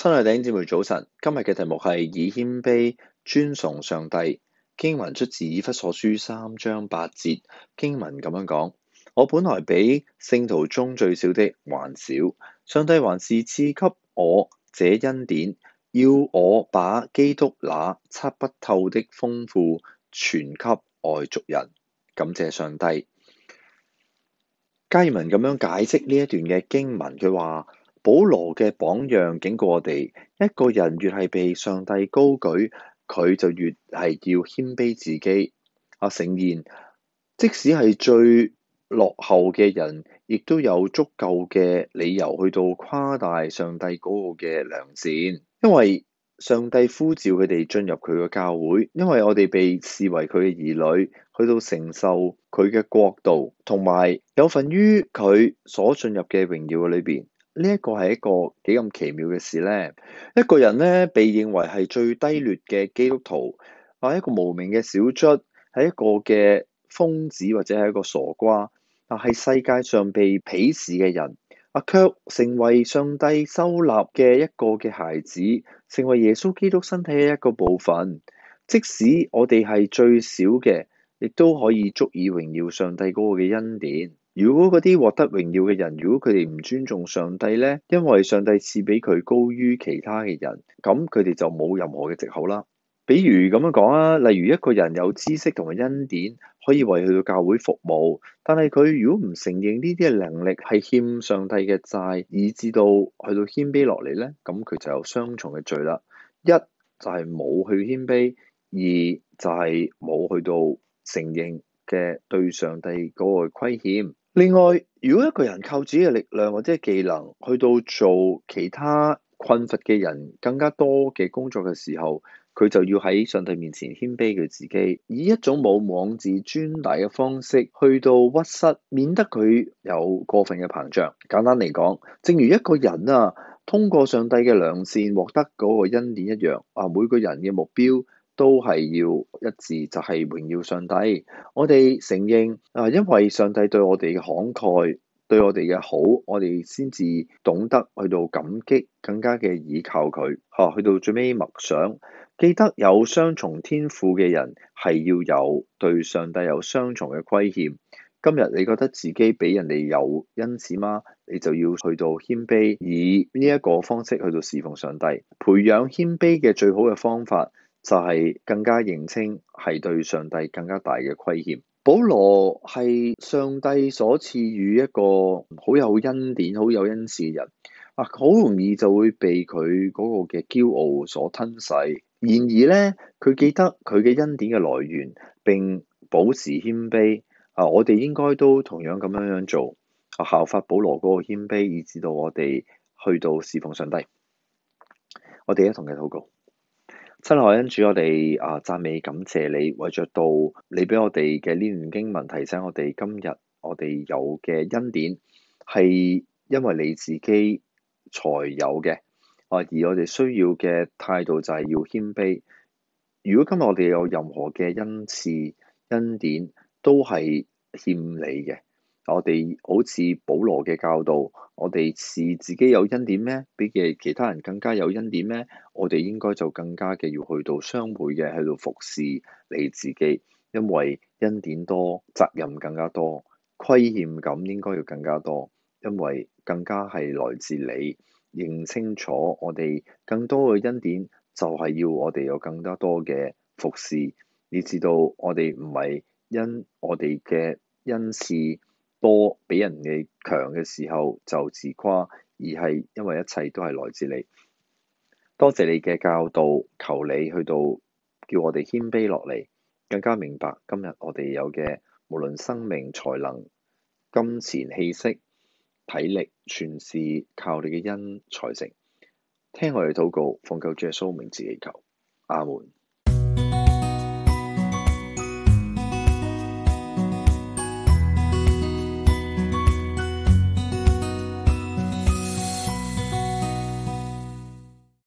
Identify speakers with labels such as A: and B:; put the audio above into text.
A: 親愛的弟兄姊妹，早晨，今日嘅題目係以謙卑尊崇上帝。經文出自以弗所書三章八節，經文咁樣講：我本來比聖徒中最小的還小。上帝還是賜給我這恩典，要我把基督那測不透的豐富傳給外族人。感謝上帝。加爾文咁樣解釋呢一段嘅經文，佢話。保羅嘅榜樣警告我哋：一個人越係被上帝高舉，佢就越係要謙卑自己。阿、啊、聖言，即使係最落後嘅人，亦都有足夠嘅理由去到誇大上帝嗰個嘅良善，因為上帝呼召佢哋進入佢嘅教會，因為我哋被視為佢嘅兒女，去到承受佢嘅國度，同埋有份於佢所進入嘅榮耀裏邊。呢一個係一個幾咁奇妙嘅事呢？一個人呢，被認為係最低劣嘅基督徒，啊一個無名嘅小卒，係一個嘅瘋子或者係一個傻瓜，啊係世界上被鄙視嘅人，啊卻成為上帝收納嘅一個嘅孩子，成為耶穌基督身體嘅一個部分。即使我哋係最少嘅，亦都可以足以榮耀上帝嗰個嘅恩典。如果嗰啲獲得榮耀嘅人，如果佢哋唔尊重上帝呢，因為上帝賜俾佢高於其他嘅人，咁佢哋就冇任何嘅藉口啦。比如咁樣講啊，例如一個人有知識同埋恩典，可以為佢到教會服務，但係佢如果唔承認呢啲嘅能力係欠上帝嘅債，以至到去到謙卑落嚟呢，咁佢就有雙重嘅罪啦。一就係冇去謙卑，二就係冇去到承認嘅對上帝嗰個虧欠。另外，如果一個人靠自己嘅力量或者技能去到做其他困乏嘅人更加多嘅工作嘅時候，佢就要喺上帝面前謙卑佢自己，以一種冇妄自尊大嘅方式去到屈膝，免得佢有過分嘅膨脹。簡單嚟講，正如一個人啊，通過上帝嘅良善獲得嗰個恩典一樣，啊，每個人嘅目標。都係要一致，就係、是、榮耀上帝。我哋承認啊，因為上帝對我哋嘅慷慨，對我哋嘅好，我哋先至懂得去到感激，更加嘅倚靠佢。嚇、啊，去到最尾默想，記得有雙重天賦嘅人係要有對上帝有雙重嘅虧欠。今日你覺得自己比人哋有恩賜嗎？你就要去到謙卑，以呢一個方式去到侍奉上帝。培養謙卑嘅最好嘅方法，就係更加認清，係對上帝更加大嘅虧欠。保羅係上帝所賜予一個好有恩典、好有恩賜嘅人，啊，好容易就會被佢嗰個嘅驕傲所吞噬。然而呢，佢記得佢嘅恩典嘅來源，並保持謙卑。啊，我哋應該都同樣咁樣樣做，效法保羅嗰個謙卑，以至到我哋去到侍奉上帝。我哋一同嘅禱告。親愛恩主，我哋啊讚美感謝你，為着到你畀我哋嘅呢段經文，提醒我哋今日我哋有嘅恩典係因為你自己才有嘅。啊，而我哋需要嘅態度就係要謙卑。如果今日我哋有任何嘅恩賜、恩典，都係欠你嘅。我哋好似保羅嘅教導。我哋是自己有恩典咩？比起其他人更加有恩典咩？我哋應該就更加嘅要去到雙倍嘅喺度服侍你自己，因為恩典多，責任更加多，虧欠感應該要更加多，因為更加係來自你認清楚，我哋更多嘅恩典就係、是、要我哋有更加多嘅服侍，你知道我哋唔係因我哋嘅恩賜。多比人嘅強嘅時候就自誇，而係因為一切都係來自你。多謝你嘅教導、求你去到叫我哋謙卑落嚟，更加明白今日我哋有嘅無論生命、才能、金錢、氣息、體力，全是靠你嘅恩才成。聽我哋禱告，奉救主耶穌名，自己求，阿門。